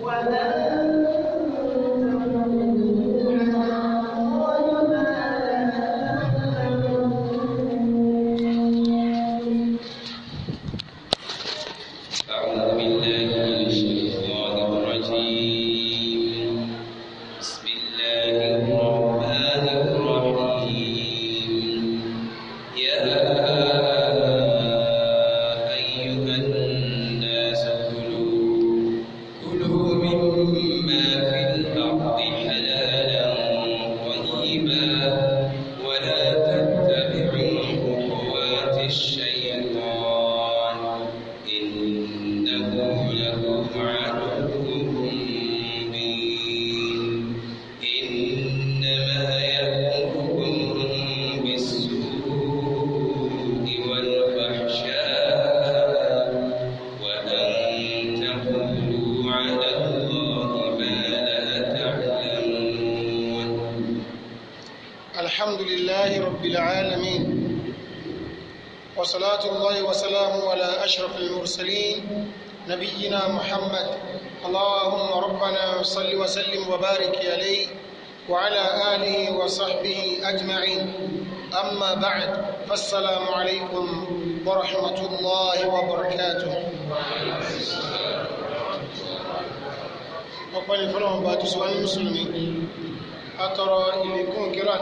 ولا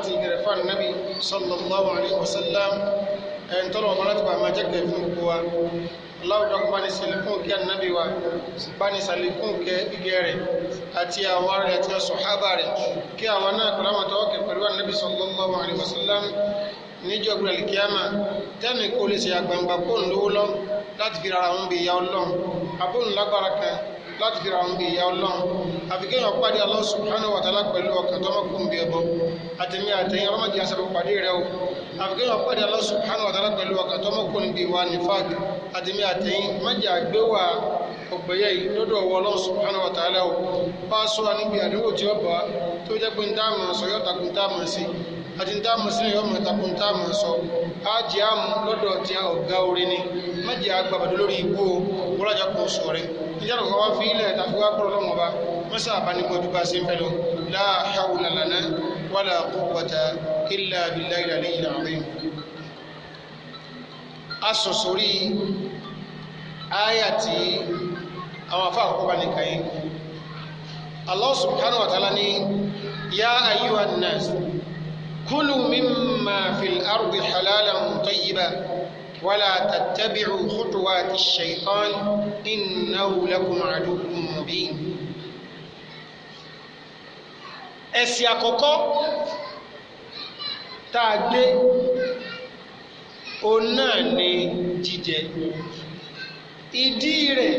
àti ìgẹ̀rẹ̀ fún ànábì sallallahu alaihi wasallam ẹ̀yìn tọ́lọ̀ ọmọ láti bá máa jẹ́kẹ̀ fún gbogbo wa láwùjọ bá ní sàlékún kí ànábì wa bá ní sàlékún kẹ ìgẹ̀ rẹ̀ àti àwọn ará rẹ̀ àti sàhábà rẹ̀ kí àwọn náà pẹ̀lú àwọn tọ́wọ́ kẹ pẹ̀lú ànábì sallallahu alaihi wasallam níjọ́ gbẹ̀rẹ̀ kíámà tẹ́nì kó lè ṣe àfi kéèyàn pàdé Allah subhanahu wa ta'ala pẹ̀lú ọkàn tó mọ́kùn bí ẹbọ àtẹ̀mí àtẹ̀yìn ọlọ́mọdé àṣàbọ̀ pàdé rẹ o àfi kéèyàn pàdé Allah subhanahu wa ta'ala pẹ̀lú ọkàn tó mọ́kùn bí wa nífàk àtẹ̀mí àtẹ̀yìn mọ́jà gbéwà ọ̀gbẹ̀yẹ yìí lọ́dọ̀ ọwọ́ Allah subhanahu wa ta'ala o bá a sọ wa níbi àdúgbò tí ó bá tó jẹ́ pé ń dá àmọ̀ sọ yóò takùn tá àmọ̀ sí àti ń dá àmọ̀ sí yóò mọ̀ takùn tá àmọ̀ sọ á jẹ́ àmọ̀ lọ́dọ̀ tí a ọ̀gá orin ni mọ́jà àgbàbàdó lórí ikú o wọ́n lájà kó sọ̀rẹ́ níjàdùkọ́ wá fi ilẹ̀ tàbí wá kúrò lọ́wọ́ bá mọ́sá àbánikọ́jú bá ṣe ń fẹ́ lọ la hawla lana wala quwwata illa billahi al-aliyyil azim asọ̀sọ̀rí ayàtí àwọn afá àkọ́kọ́ bá ní kàyé Allah subhanahu wa ta'ala ní ya ayyuhan nas kulu mimma fil ardi halalan tayyiba wala tattabi'u khutuwati ash innahu lakum aduwwun mubin esi àkọ́kọ́ tá a gbé òun náà ni jíjẹ ìdí rẹ̀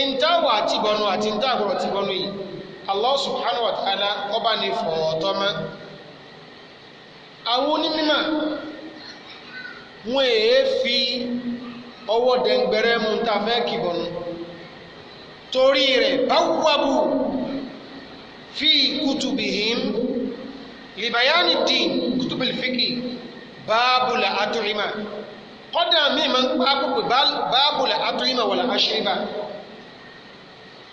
ìntàwà àtìbọnú àti ìntàgbọ̀rọ̀ àtìbọnú yìí Allah ọba ní fọ̀ọ̀tọ́ mọ́ àwọn onímọ̀ wọn èé fi ọwọ́ dẹ̀ngbẹ̀rẹ̀ ta fẹ́ torí في كتبهم لبيان الدين كتب الفقه باب الأطعمة قد من باب الأطعمة والأشربة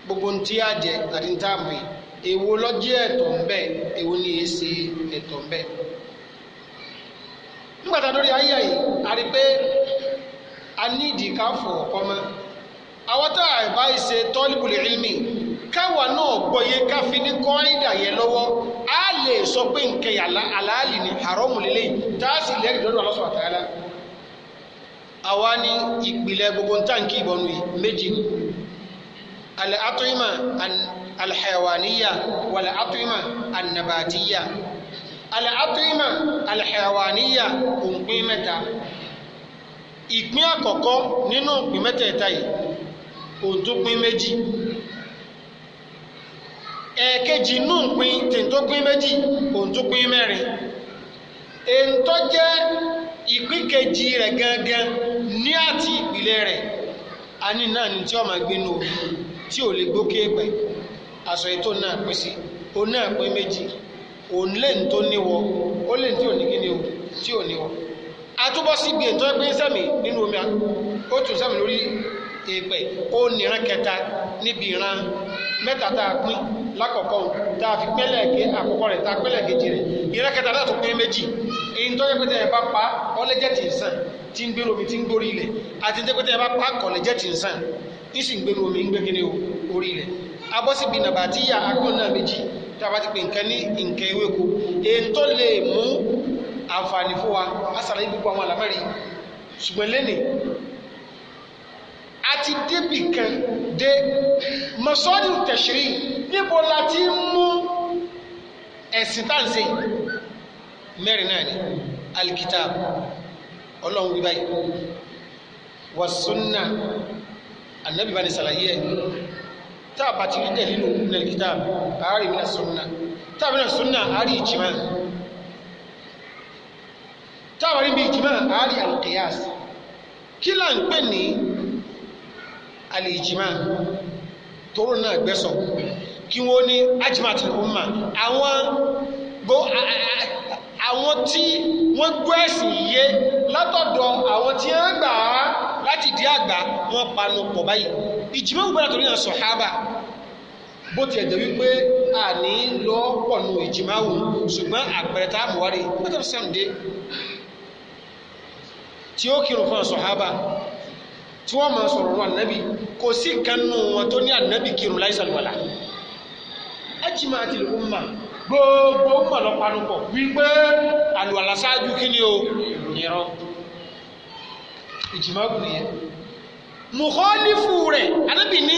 gbogbo ntí àjẹ àti ntàmù èwo lọ́jẹ́ ẹ̀tọ́ ńbẹ èwo ni èé e ṣe ẹ̀tọ́ ńbẹ. nígbàtà lórí ayé yìí a rí pé a ní ìdí ká fọ̀ ọ̀kọ́ mọ́ àwọn tá a bá ṣe tọ́lìbùlì ìlmì káwa náà gbọ́yé káfí ní kọ́ńdà yẹn lọ́wọ́ á lè sọ pé nkẹyà aláàlì ni haramu lélẹ̀ tá a sì lẹ́rìí lọ́dọ̀ Allah subhanahu wa ta'ala. àwa ní ìpìlẹ̀ gbogbo ntànkì ìbọnú yìí méjì ni al-at'ima al-hayawaniya wal-at'ima an-nabatiya al-at'ima al òǹpin mẹ́ta ìpín àkọ́kọ́ nínú òǹpin mẹ́tẹ̀ẹ̀ta yìí òǹtúpin méjì. ẹ̀ẹ̀kejì inú ìpín tìǹtópin méjì òǹtópin mẹ́rin èǹtọ́ jẹ́ ìpín kejì rẹ̀ gangan ní àti ìpìlẹ̀ rẹ̀ náà ni tí ọmọ gbénu òògùn tí ò lè gbókè pẹ̀ aṣọ ètò náà pín sí òun náà pín méjì òun lè ń tó níwọ lè tí ní o tí ò níwọ atúbọ̀ sí sẹ́mi nínú omi ó tún sẹ́mi lórí ó lákọ̀ọ́kọ́ tá fi pẹ́lẹ̀ ke àkọ́kọ́ rẹ̀ tá a ke kejì rẹ̀ ìran kẹta náà tó pín méjì èyí tó yẹ pa ọlẹ́jẹ̀ tì ń sàn tí ń gbèrò omi tí ń gbórí ilẹ̀ àti tẹ́pẹ́ tẹ̀yẹ̀ pa kọ̀lẹ́jẹ̀ tì ń sàn ń sì ń gbèrò omi ń gbẹ́kẹ́ni orí na méjì a ti pè nǹkan ní nǹkan ewéko èyí tó lè mú àti débì kan dé mọ̀sọ́dì tẹ̀sírì níbo la ti ń mú ẹ̀sìn tá à ń ṣe mẹ́rin náà ni alikitab ọlọ́run wí báyìí wa sunna anabi bani salaye tá a bá ti rí dẹ̀lílù nínú alikitab àárí mi náà sunna tá a bí náà sunna àárí ìjìmá tá a bá rí bí ìjìmá àárí alqiyas kí là ń pè ní alìjìmá tóró náà gbẹ́sọ̀ kí wọ́n ní ajimati umma àwọn àwọn tí wọ́n gbọ́ ẹ̀sìn yé látọ̀dọ̀ àwọn tí wọ́n gbà á láti di àgbà wọ́n panu pọ̀ báyìí ìjìmá gbogbo àtòrí náà sàhábà bó tiẹ̀ jẹ́ wípé àní lọ pọ̀ nù ìjìmá wò ṣùgbọ́n àpẹẹrẹ tá a mọ̀ wárí pẹ́tẹ́ sàmdé tí ó kírun fún àsọ̀hábà tí wọ́n máa sọ̀rọ̀ lọ́wọ́ ànábì kò sí nǹkan nù wọn tó ní ànábì kírun láì sàlùwàlà ẹjìmọ̀ àti ìlú mà gbogbo mọ̀ lọ panupọ̀ wípé àlùwàlà ṣáájú kí ni o ìrọ̀ ìjìmọ̀ ọ̀gùn nìyẹn mùkọ́lífù rẹ̀ ànábì ní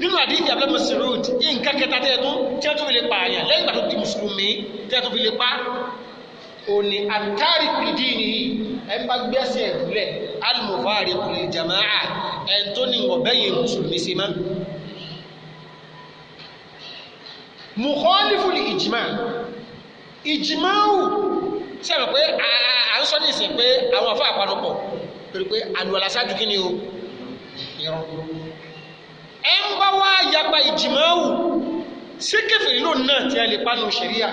nínú àdéhìí abẹ́ mọ̀sílùd nǹkan kẹta tẹ́ tó tẹ́ tó fi lè pa àyàn lẹ́yìn ìgbà di mùsùlùmí tẹ́ fi lè pa òní àtàrí kùdí nìyí ẹ bá gbé ẹsẹ̀ ìbílẹ̀ alimufari jamaa ẹ̀ tó ní ọ̀bẹ́ yìí mùsùlùmí sí máa mùkọ́lífù ní ìjìmá ìjìmáwù sí àmì pé à ń sọ ní ìsìn pé àwọn afọ àpanupọ̀ pẹ̀lú pé àlùwàlà ṣáájú kí ni o irọ́ ẹ ń bá wá yapa ìjìmáwù sí kẹfìrí lónìí náà tí a lè panu ṣẹ̀ríà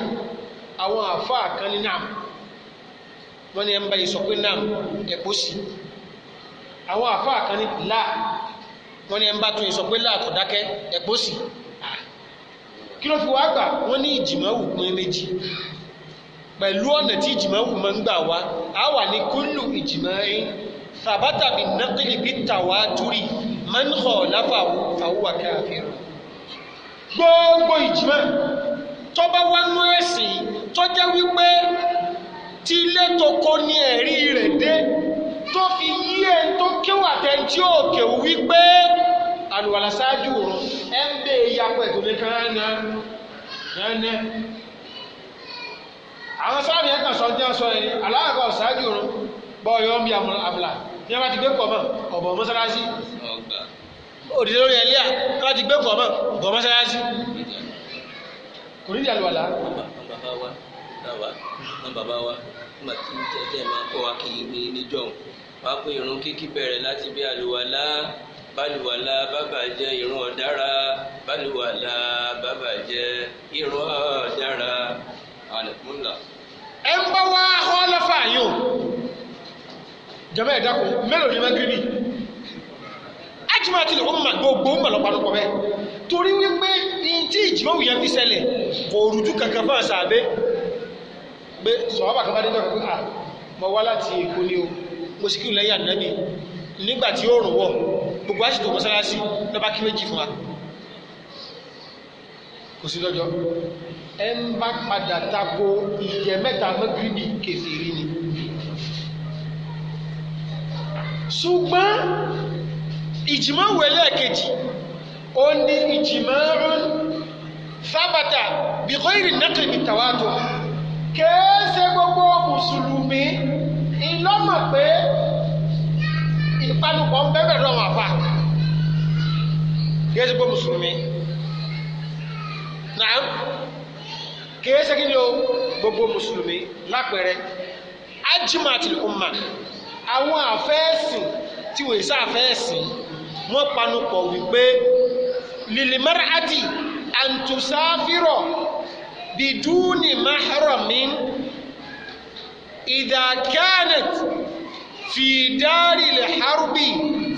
àwọn afọ àkan náà wọ́n ní ẹ̀ ń bá yìí sọ pé náà ẹ̀kọ́ sí àwọn àfa kan ní là wọ́n ní ẹ̀ ń bá tún yìí sọ pé là tó dákẹ́ ẹ̀kọ́ sí kí ló fi wá gbà wọ́n ní ìjìmọ̀wù pín méjì pẹ̀lú ọ̀nà tí ìjìmọ̀wù máa ń gbà wá a wà ní kúlù ìjìmọ̀ ẹ̀yìn sàbátà nàkìlì bí tàwa túrì máa ń hàn láfàwù fàwùwà káàfìrù gbogbo ìjìmọ̀ tọ́ba wánú ẹ̀sìn tọ́já wípé tí ilé tó kó ní ẹ̀rí rẹ̀ dé tó fi yí ẹ̀ tó kéwù àtẹ̀ntí òkè wípé àlùwàlà ṣáájú òrùn ẹ̀ ń bè ya pẹ̀tù ní kánná nẹ́nẹ́. àwọn sáàmì ẹ̀ kàn sọ ní ọ̀sọ́ yìí aláàbọ̀ ṣáájú òrùn bọ́ ọ̀yọ́ ń bí àmàlà ní wọ́n ti gbé pọ̀ mọ́ ọ̀bọ̀ mọ́sálásí òdìdé lórí ẹlẹ́à tí wọ́n ti gbé pọ̀ mọ́ ọ̀bọ̀ mọ́sálásí kò ní ìdí nígbà tí jẹjẹ máa kọ́ wa kiri ní níjọ́hún wàá pé irun kíkí bẹ̀rẹ̀ láti bí àlùwàlá bálùwàlá bàbà jẹ́ irun ọ̀dára bálùwàlá bàbà jẹ́ irun ọ̀dára àlẹ́kùnlá. ẹ ń bá wá họ́lọ́fà yìí o jọba ẹ̀dá kò mélòó ni wọ́n gírí ajimaati lè wọ́n ma gbogbo ń bọ̀ lọ́pàdọ́pọ̀ bẹ́ẹ̀ torí wípé ní tí ìjìmọ̀wù yẹn fi ṣẹlẹ̀ kò rújú kankan fún àṣà àbẹ́ pé sọ̀rọ̀bà kan bá dédé ọ̀rọ̀ pé à mọ̀ wá láti èkó ni o mo sì kíw lẹ́yìn ànábì nígbà tí ó rùn wọ̀ gbogbo àṣìtò mọ́sálásí lọ́ba kí méjì fún wa kò sí lọ́jọ́ ẹ ń bá padà tako ìjẹ mẹ́ta mọ́gíríbì kèfèrí ni ṣùgbọ́n ìjìmọ̀ wẹ̀ ó ní ìjìmọ̀ rún sábàtà bí kò ìrìn náà kìlì tàwátò kèé ṣe gbogbo mùsùlùmí ìlọ́mọ̀ pé ìpanupọ̀ ń bẹ́bẹ̀ lọ́wọ́ àfà kèé ṣe gbogbo mùsùlùmí náà kèé ṣe kí ni o gbogbo mùsùlùmí lápẹẹrẹ ajimat umma àwọn àfẹ́ẹ̀sìn tí wòye sá àfẹ́ẹ̀sìn wọ́n panupọ̀ wípé lìlìmọ́rẹ́ àti antusafiro. بدون محرم إذا كانت في دار الحرب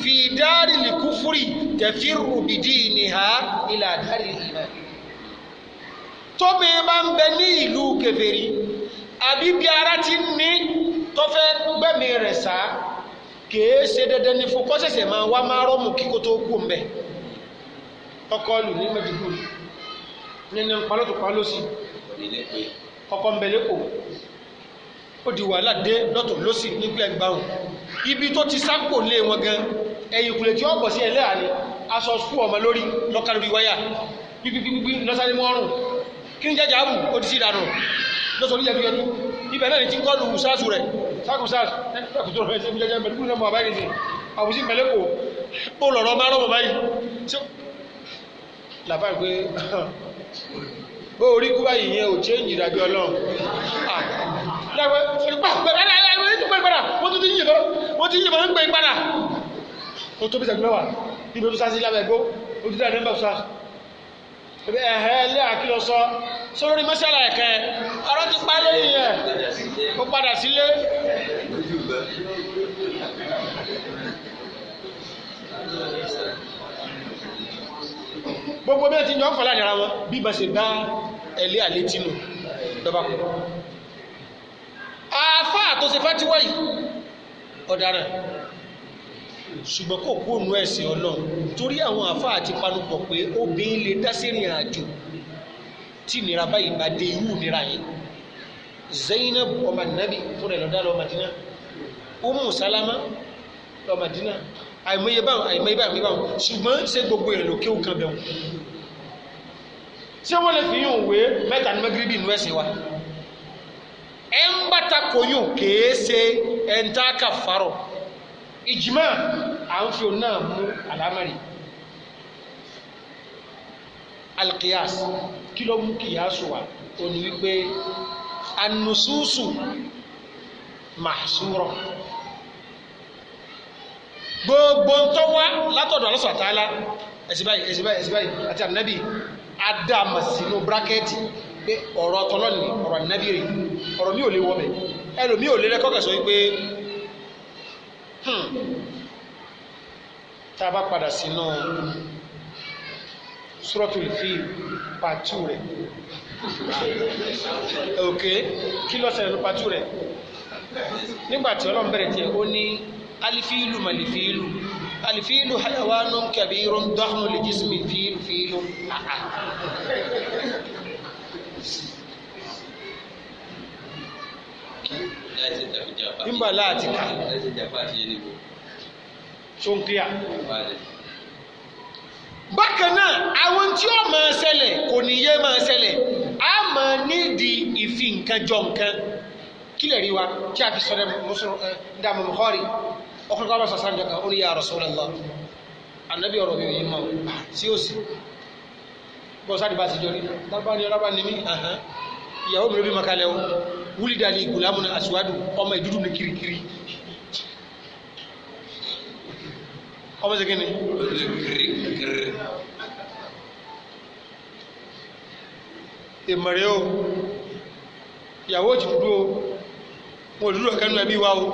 في دار الكفر تفر بدينها إلى دار الإيمان tóbìnrin bá ń bẹ ní ìlú kèfèrí àbí bí ara ti ń ní tó fẹ́ gbẹ̀mí rẹ̀ sá kìí ṣe dandan ni fún kọ́sẹ̀sẹ̀ máa wá márọ́mù kíkó tó kú mbẹ́ ọkọ lù ní mẹ́jọ lù nínú palọ́tò palọ́sì ọkọ̀ ń bẹ lẹ́kọ̀ọ́ ó di wàhálà dé lọ́tọ̀ lọ́sì nígbà ẹgbàrún ibi tó ti sápò lé wọn gan ẹ̀yìn kùlẹ̀ tí ó pọ̀ sí ẹlẹ́yà ni aṣọ sùn ọmọ lórí lọ́ka lórí wáyà gbígbígbígbí lọ́sàrí mọ́rùn kí ní jẹ́jà ábù ó ti sí ìdànù lọ́sọ̀rí jẹ́ fíyọdú ibẹ̀ náà ni tí ń kọ́ lù sáàsù rẹ̀ sáàkù sáàsù ẹ̀kùtò rẹ̀ ṣe jẹ́jẹ́ pẹ̀lú bó orí kú báyìí yẹn ò change ìdájọ́ ọlọ́run dàgbẹ́ ìpa gbẹ́gbẹ́dà ẹgbẹ́ tó gbẹ́ gbẹ́dà mo tún ti ń yìnbọn mo ti ń yìnbọn ń gbẹ́ gbẹ́dà o tóbi sẹ́gun mẹ́wàá níbi tó sásí lábẹ́ gbó o ti dá nẹ́mbà sá ẹ̀hẹ́ ilé àkìlọ̀ sọ sórí mọ́sálà ẹ̀kẹ́ ọ̀rọ̀ ti pa lórí yẹn o padà sílé gbogbo bẹ́ẹ̀ tí ń jọ ń fà láàrin ara wọn bí ìbá ṣe dá ẹ̀lẹ́ àlétí nù lọ́ba kù. àáfà tó ṣe fátíwá yìí ọ̀daràn ṣùgbọ́n kò kú òun ẹ̀sìn ọlọ́run torí àwọn àáfà àti panupọ̀ pé obìnrin lè dá sí ìrìn àjò tí ìnira báyìí bá dé irú ìnira yìí Zainab ọmọ nàbì fún ẹ̀ lọ́dá lọ́ọ́ Madina Umu Salama lọ́ọ́ Madina àìmọye báwọn àìmọye báwọn àìmọye báwọn ṣùgbọ́n ṣé gbogbo ẹ̀ lókè òkan bẹ̀wọ̀n ṣé wọ́n lè fi yún òwe mẹ́ta ní mẹ́gíríbì inú ẹ̀sìn wa ẹ̀ ń bàtà kò yún kèé ń tá kà farọ̀ ìjìmá à ń fi òun mú àlámẹ́rin alkiyas kí ló mú kiyasu wa òní wípé anususu mahsuro gbogbo ntọ́ wá látọ̀dọ̀ alọ́sọ̀ àtàlá bayi, báyìí bayi, báyìí bayi. Ati anabi ànábì ádámà sínú bírákẹ́ẹ̀tì pé ọ̀rọ̀ ọtọlọ́ni ọ̀rọ̀ ànábì rè ọ̀rọ̀ mi ò lè wọ́ mi ẹlòmí ò lè rẹ kọ́kẹ́ sọ wípé hmm, tá a bá padà sínú suratul fil ok kí lọ́sẹ̀ ló pàtú rẹ̀ nígbà tí ọlọ́run bẹ̀rẹ̀ tiẹ̀ ó alifiilu malifiilu alifiilu hayawaanu kabiiru dọ́hùn lìjísìmì fiilu fiilu àhà. nígbà láti ká sóńkíà bákan náà àwọn tí ó máa ṣẹlẹ̀ kò ní yé máa ṣẹlẹ̀ a máa nídìí ìfi nǹkan jọ nǹkan kílẹ̀ rí wa tí a fi sọ dẹ́ mọ́sọ̀rọ̀ dàmú ọkùnrin kan bá sọ sáà jọkàn ó ní ya Rasulullah ànábì ọ̀rọ̀ mi ò yé mọ́ sí ah, òsì bọ́ sáà dìbà àtijọ́ rí lábá ni ọlọ́ba ni mí ìyàwó mi ló bí makalẹ̀ o wúlì dàní gùlámù ní aṣíwádùn ọmọ ìdúdú ní kirikiri ọmọ sí kíni. ìmọ̀rẹ́ o ìyàwó òjì dúdú o mo dúdú ọ̀kẹ́ nínú ẹbí wa o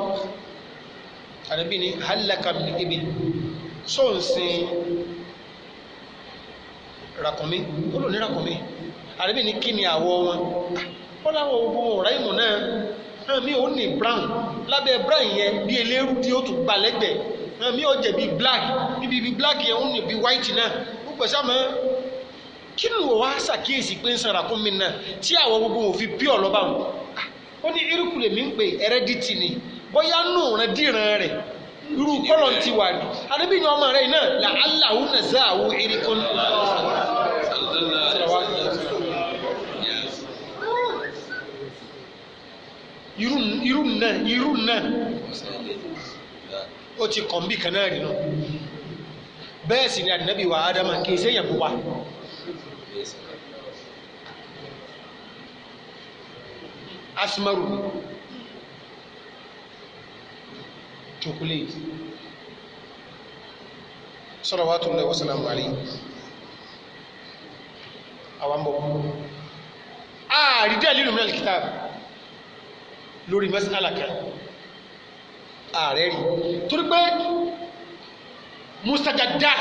ànábì ní halaka min ibil sóǹsìn ràkùnmí ó lò ní ràkùnmí ànábì ní kí ni àwọ̀ wọn wọ́n ah, láwọn ogun ọ̀ráìmù náà náà mi ò ní brown lábẹ́ brown yẹn bí eléru tí ó tún gbà lẹ́gbẹ̀ẹ́ náà mi ò jẹ̀ bí black bíbí bí black yẹn ó ní bí white náà ó pèsè àmọ́ kí ni wọ́n wá ṣàkíyèsí pé ń san ràkúnmí náà tí àwọn gbogbo òfin pure lọ́ba wọn ah, ó ní irúkú lèmi ń pè heredity ni bóyá nù rẹ dìran rẹ irú kọ́lọ̀ ti wà ní adébí ni ọmọ rẹ náà là aláwo nà zá àwo erikun. irú náà irú náà ó ti kàn bí kan náà rí nù bẹ́ẹ̀ sì ni ànábì wa ádámà kì í sẹ́yìn àbúwá. asmaru chocolate salawatullahi wa salamu alayhi àwọn bọ̀ ààrí dalilu min al-kitab lórí mas'ala kan ààrẹ rí torí pé mustajadat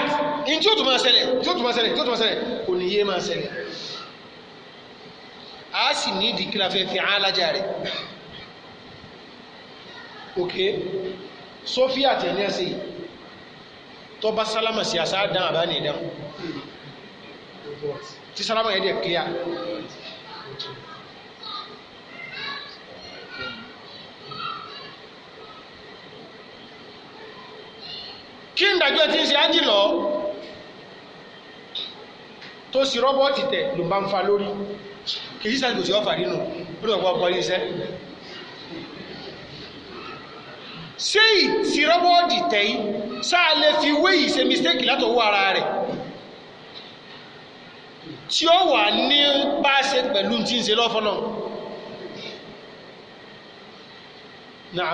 in tí ó tún máa ṣẹlẹ̀ tí ó tún máa ṣẹlẹ̀ tí ó tún máa ṣẹlẹ̀ kò ní yé máa ṣẹlẹ̀ a sì ní ìdíkìlà fẹ́ fi alájà rẹ̀ okay sofia tẹ̀ ní ẹsẹ̀ yìí tọba salama sí àṣà dán àbá ní ìdán tí salama yẹ dẹ̀ kíá kí n dájọ́ tí ń ṣe ájì lọ tó sì rọ́bọ́ọ̀tì tẹ̀ ló bá ń fa lórí kì í sàgbèsè ọ̀fà nínú ó lè wọ́pọ̀ ọ̀pọ̀ ilé iṣẹ́ ṣé ìtirọ́bọ́ọ̀dì tẹ̀yìn sáà lè fi wéyìí ṣe mistake látọwọ́ ara rẹ̀ tí ó wà ní bá ṣe pẹ̀lú tí ń ṣe lọ́fọ́nà náà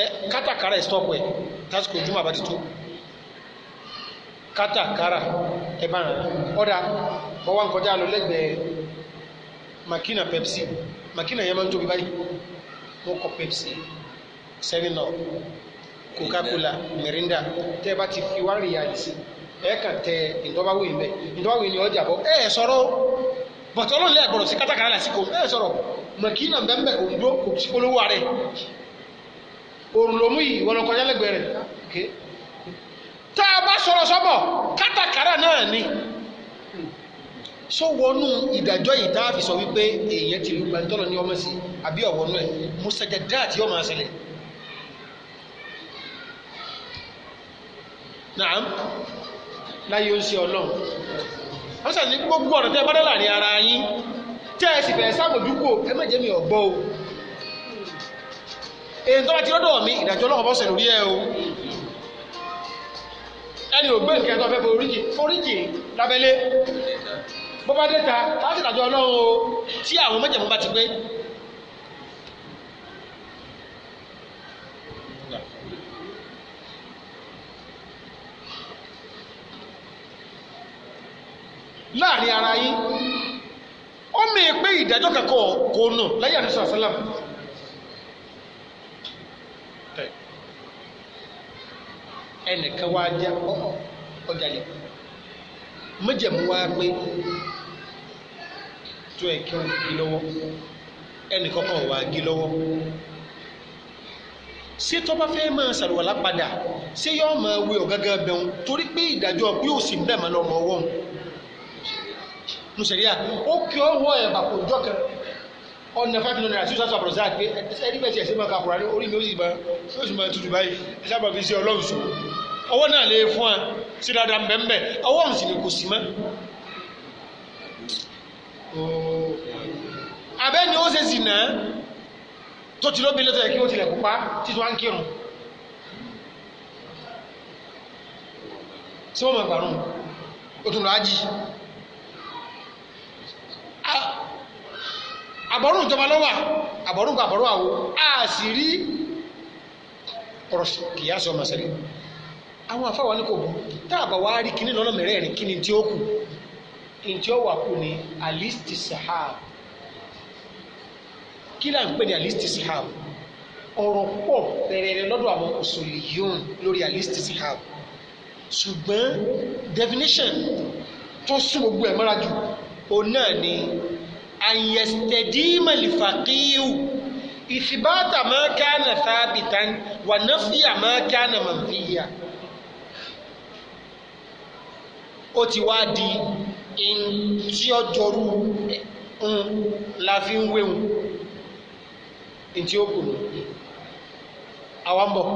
ẹ kátàkárà ẹ stọ́pù ẹ tásìkò ojúmọ̀ àbá ti tó kátàkárà ẹ bá rẹ̀ ọ̀dà ọwọ́ nkọjá lọ lẹ́gbẹ̀ẹ́ makina pepsi makina yẹn máa ń tóbi pepsi seven up coca-cola mirinda tẹ́ ẹ bá ti fi wá rìyàlì sí ẹ kàn tẹ ìdọ́báwò yìí bẹ́ẹ̀ ìdọ́báwò yìí ni ọjà bọ́ ẹ sọ̀rọ̀ bọ̀tọ̀ ọlọ́run lẹ́ẹ̀ bọ̀rọ̀ sí kátàkárà lásìkò ẹ sọ̀rọ̀ makina bẹ́ẹ̀ òǹdó kò sí polówó ààrẹ òrùn lòmú yìí wọn lọkọ yálẹ̀gbẹ́ rẹ̀ tá a bá sọ̀rọ̀ sọ́bọ̀ kátàkárà náà ni. So wọnú ìdájọ́ yìí tá a fi sọ wípé èèyàn ti lu gbàǹtọ́lọ̀ ní ọmọ sí àbí ọ̀wọ́nú ẹ̀ mùsàjàdá àti ọmọ àṣẹlẹ̀ náà láyé ń ṣe ọlọ́run wọ́n sàn ní gbogbo ọ̀nà tẹ́ bá dá láàrin ara yín tẹ́ ẹ sì fẹ́ sábòdúkò ẹ má jẹ́ mi ọ̀gbọ́ o èyí tó bá ti lọ́dọ̀ mi ìdájọ́ ọlọ́run bọ́ sẹ̀lórí ẹ o ẹni ò gbé nǹkan tó fẹ́ foríjì foríjì lábẹ́lé bó bá dé ta á sì dájọ́ ọlọ́run o tí àwọn májẹ̀mú bá ti pé. láàrin ara yín ó mì í pé ìdájọ́ kankan kò nù lẹ́yìn àdúrà sálàm. ẹnìkan wá jẹ́ ọjà yìí méjèmú wá pé tó ẹ kí wọn gé lọ́wọ́ ẹnì kọkàn wà gé lọ́wọ́ ṣé tọ́ba fẹ́ máa ṣàlùwàlá padà ṣé yọ́ọ́ máa wé ọ̀gángan bẹ̀rùn torí pé ìdájọ́ bí òsì náà máa lọ́mọ ọwọ́ òun nùsẹ̀ríà ó kí ọ wọ ẹ̀bà kò jọ kan ọ̀nà five hundred naira two thousand and fourteen àti ẹni bẹ́ẹ̀ ti ẹ̀sìn máa ka àkùrà ní orí mi ó sì máa tutù báyìí ẹ sábà fi ṣe ọlọ́run ọwọ́ náà lè fún wa sí dada mbẹ́mbẹ́ ọwọ́ òun sì ni kò sí mọ́. abẹ́ ni ó ṣe sì náà tó ti lóbi lọ́tọ̀ kí ó tilẹ̀ pupa títí wá ń kírun. sí wọ́n mọ̀ gbàrún ó tún lọ ájì. àbọ̀rún ìjọba lọ́wà àbọ̀rún kọ àbọ̀rún àwo a sì rí ọ̀rọ̀ kìí á sọ ọmọ sẹ́lẹ̀ àwọn àfáwọn ní kò bú tá a bá wá rí kíní lọ́nà mẹ́rẹ̀ẹ̀rin kíní tí ó kù ntí ó wà kù ní alistisahab kí là ń pè ní alistisahab ọ̀rọ̀ pọ̀ bẹ̀rẹ̀rẹ̀ lọ́dọ̀ àwọn òṣòlìyàn lórí alistisahab ṣùgbọ́n definition tó sún gbogbo ẹ̀ mọ́ra jù òun náà ni ayẹ̀stẹ̀dímọ̀lìfàkíyù ìfìbátà máa kánà sábìtán wà náfíà máa kánà màmfíyà. ó ti wá di ntí ọjọ́rú ń la fi ń wéwu ntí ó kù àwa ń bọ̀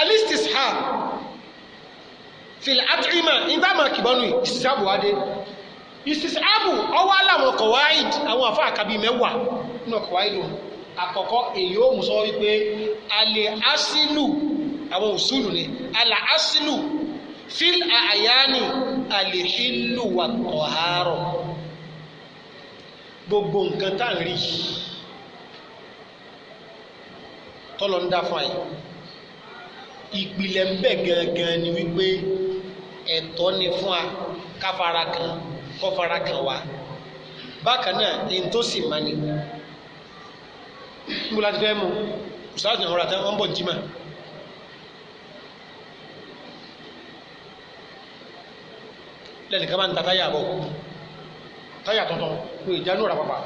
alistishab fil atima ìgbàmọ̀ kìbọnú istishabu wá dé istishabu ọwọ́ aláwọn kọ̀wáìd àwọn àfa àkàbí mẹ́wàá nínú kọ̀wáìd òun àkọ́kọ́ èyí ó mú sọ wípé alẹ́ àwọn òṣùlù ni alẹ́ asílù fil àyáni àlèhílù wà tọ̀hárọ̀ gbogbo nǹkan tá à ń rí tọ́lọ̀ ń dá fún àyè ìpìlẹ̀ ń bẹ gangan ni wípé ẹ̀tọ́ ni fún a káfara kan kọ́fara kan wa bákan náà ní tó sì máa ní. níbo la ti fẹ́ mu ṣáàtì àwọn ọ̀rọ̀ àti àwọn ọ̀bọ̀n jimá. lẹ́nìkan máa ń ta táyà bọ̀ táyà tuntun kò ìjánu rà pàpà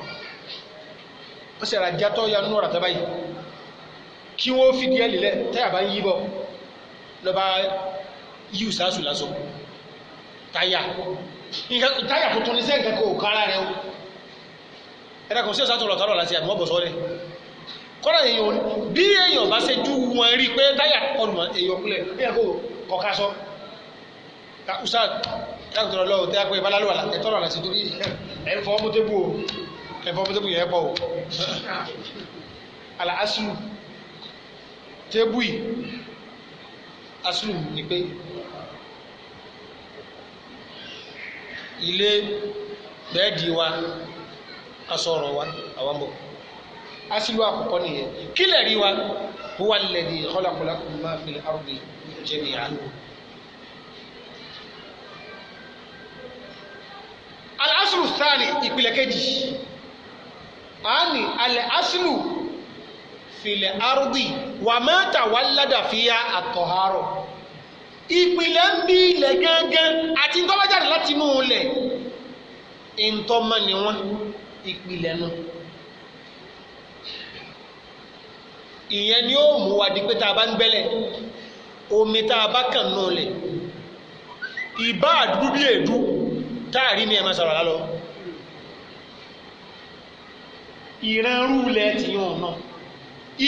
ó sì ra jatọ́ yanu rà tábàyì kí wọ́n fi díẹ̀ lílẹ̀ táyà bá ń yí bọ̀ lọ́ba yíu sáàsù lásán táyà táyà tuntun ní sẹ́ǹkà kò kára rẹ o ẹ̀rọ kò sí ọ̀sán tó lọ tọ́lọ̀ láti àbí wọ́n bọ̀ sọ́ọ́lẹ̀ kọ́lá èèyàn bí èèyàn bá ṣe ju wọn rí pé táyà ọ̀nùmọ̀ èèyàn kúlẹ̀ bí ẹ̀kọ́ kọ̀ọ̀ká sọ dákùtọ̀ ọlọ́wọ́ tẹ́ apẹ́ ìbálálò àlàkẹ́ tọ́lọ̀ àlàsí torí ẹ̀ ń fọ́ mọ́tébù o ẹ̀ ń fọ́ mọ́tébù yẹn pọ̀ o àlà asùlù tébù yìí asùlù ni pé ilé bẹ́ẹ̀dì wa asọ̀rọ̀ wa àwọn bọ̀ asùlù àkọ́kọ́ nìyẹn kílẹ̀ rí wa huwa alladhi khalaqa lakum ma fil ardi jami'an. asáàni ìpìlẹ̀ kejì àání alẹ́ asinu filẹ̀ arúgbì wà mẹ́ta wà ládà fíyà àtọ̀hárọ̀ ìpìlẹ̀ ń bí ilẹ̀ gángan àti ntọ́wájáde láti inú ilẹ̀ ntọ́mọ ni wọ́n ìpìlẹ̀ nu ìyẹn ni ó mú wa di pé tá a bá ń gbẹ́lẹ̀ omi tá a bá kàn nù ilẹ̀ ìbá àdúgbò bí èdú táàrí ni ẹ máa sọ̀rọ̀ lálọ́ ìran rúlẹ̀ ti yàn ọ̀nà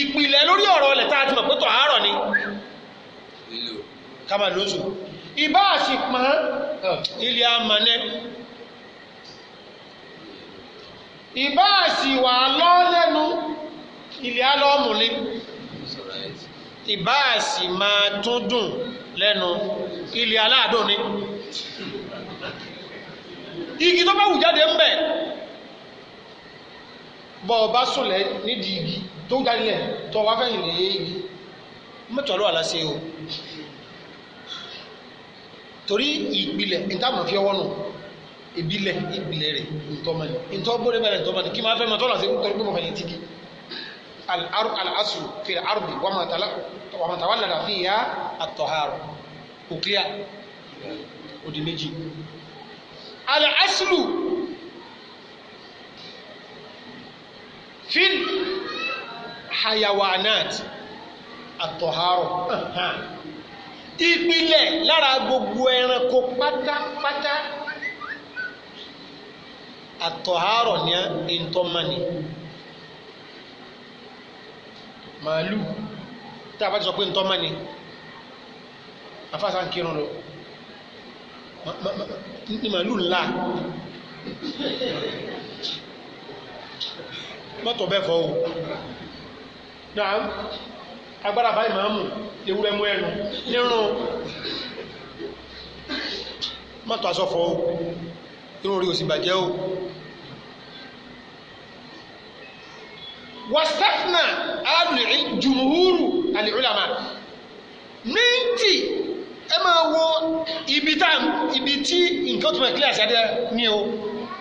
ìpìlẹ̀ lórí ọ̀rọ̀ ọ̀lẹ̀ tá a ti mọ̀ pé tọ̀ àárọ̀ ni kama lóṣù ìbá àṣìpọ̀n ilẹ̀ amọ̀nẹ́ ìbá àṣìwà lọ́lẹ́nu ilẹ̀ alọ́mùlé ìbá àṣì máa tún dùn lẹ́nu ilẹ̀ aláàdùn ni igi tó bá wù jáde ń bẹ̀ bọ́ ọ bá sùn lẹ́ nídìí igi tó ń jáde lẹ̀ tó wá fẹ́yìn lé igi mẹ́tọ́ ló wà láṣẹ o torí ìpìlẹ̀ ìtàmọ̀ fi ọwọ́ nù ìbílẹ̀ ìpìlẹ̀ rẹ̀ ntọ́mọ̀ ni ntọ́ bóde bẹ̀rẹ̀ ntọ́mọ̀ ni kí máa fẹ́ máa sí nítorí pé mo fẹ́ tigi al-aslu fi al-ardi wa ma tawallada fiha at-taharu kò kíá òdì méjì al-aslu. fil hayawanat àtọ̀hárọ̀ ìpìlẹ̀ lára gbogbo ẹranko pátápátá àtọ̀hárọ̀ ní ẹ̀ńtọ́mọ́ni màálù tí a bá ti sọ pé ẹ̀ńtọ́mọ́ni afáàsá kírun lọ ní màálù ńlá mọ́tò bẹ́ẹ̀ fọ́ o náà agbára báyìí máa mú ewúrẹ́ mú ẹnu nírun mọ́tò asọ́fọ́ o irun orí òsì bàjẹ́ o wàstáfnà alùlẹ̀ jùmùhúrù alìrúlàmà méjì ẹ máa wo ibi tí nǹkan tó máa kílẹ̀ ní o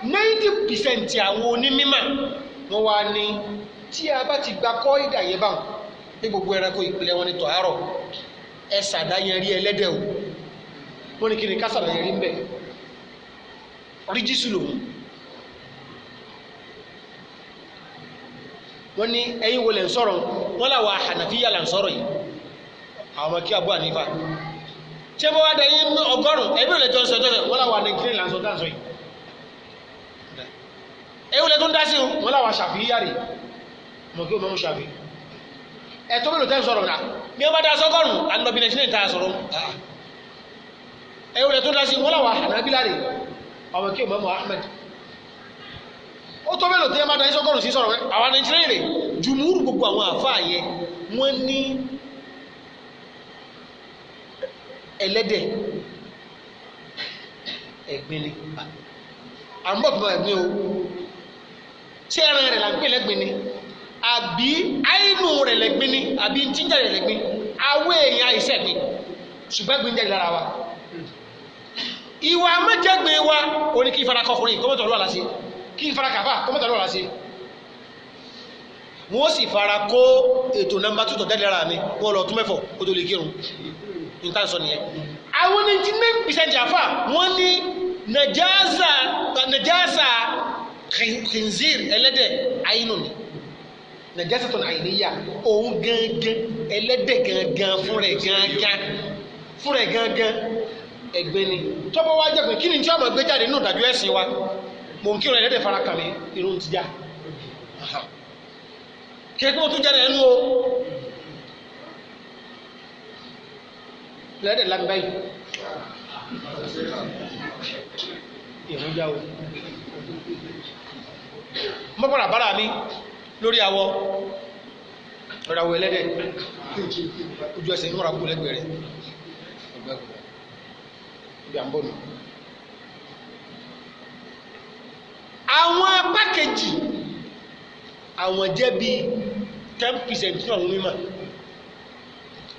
90 àwọn onímímà wọ́n wá ní tí a bá ti gba kọ́ ìdà yẹn báwọn ní gbogbo ẹranko ìpìlẹ̀ wọn ni tọ̀hárọ̀ ẹ sàdáyẹrí ẹlẹ́dẹ̀ o wọ́n ní kí ni ká sàdáyẹrí ń bẹ̀ rígísù lòun wọ́n ní ẹ̀yin wo lẹ ń sọ̀rọ̀ wọ́n làwọn àhànàfíyà là ń sọ̀rọ̀ yìí àwọn ọmọ kí Abu Hanifa ṣé bó wá dẹ yín ọgọ́rùn-ún ẹ̀mí ò lè jọ sọ jọ́sẹ̀ wọ́n làwọn nàìjíríà là ń sọ yìí ewu lẹ tó ń dá sí wọn làwọn Ṣàfi'í yàrá mọ̀ kí o mọ̀ Ṣàfi'í ẹ̀tọ́ mélòó tẹ́ ń sọ̀rọ̀ náà bí wọ́n bá dá sọ́gọ́rùn-ún àlọ́bí nàìjíríà ń ta sọ̀rọ̀ ah. ewu lẹ tó ń dá sí wọn làwọn Hanabila rè ọmọ kí o mọ̀ Ahmed ó tó mélòó tẹ́ ń bá dá sọ́gọ́rùn-ún sí sọ̀rọ̀ àwọn nàìjíríà rè jùmúrù gbogbo àwọn àfáà yẹn wọ́n ní ẹlẹ́dẹ̀ ẹ̀gbin ni àmọ́ ọ̀gbìn ẹ̀gbin o ṣé ẹran rẹ̀ làgbé lẹ́gbin ni àbí àìnù rẹ̀ lẹ́gbin ni àbí jíjà rẹ̀ lẹ́gbin awé èèyàn àìsẹ̀gbin ṣùgbọ́n gbin jáde lára wa ìwà mẹ́jẹ̀gbin wa ó ní kí ìfara kọkùnrin kọ́mọ̀tò ọlọ́ọ̀lá sí kí ìfara kàfà kọ́mọ̀tò ọlọ́ọ̀lá sí wọ́n sì fara kó ètò nọ́mbà tó tọ̀ jáde lára mi wọ́n lọ tún mẹ́fọ̀ kó tó lè kírun ní tá à ń sọ nìyẹn àwọn ní ti ní pìsẹ́ǹtì àfà wọ́n ní nàjásà khinzir ẹlẹ́dẹ̀ àyínú ni najasatun àyíníyà òun gangan ẹlẹ́dẹ̀ gangan fúnra ẹ̀ gangan fúnra ẹ̀ gangan ẹ̀gbẹ́ ni tọ́pọ̀ wá jẹ́ kini kí ni tí ọmọ gbé jáde nínú ìdájọ́ ẹ̀sìn wa mò ń kírun ẹlẹ́dẹ̀ fara kàn mí irun ti já kéèké mo tún jáde ẹnu o lẹ́dẹ̀ lágbáyé ìrúnjá o mọ́kànlá bára mi lórí awọ ọ̀ràwọ̀ ẹlẹ́dẹ̀ ojú ẹsẹ̀ ìmọ̀ra kú lẹ́gbẹ̀ẹ́ rẹ̀ ibi àmbọ̀ nù. àwọn apá kejì àwọn jẹ́ bíi ten percent nínú àwọn mímọ̀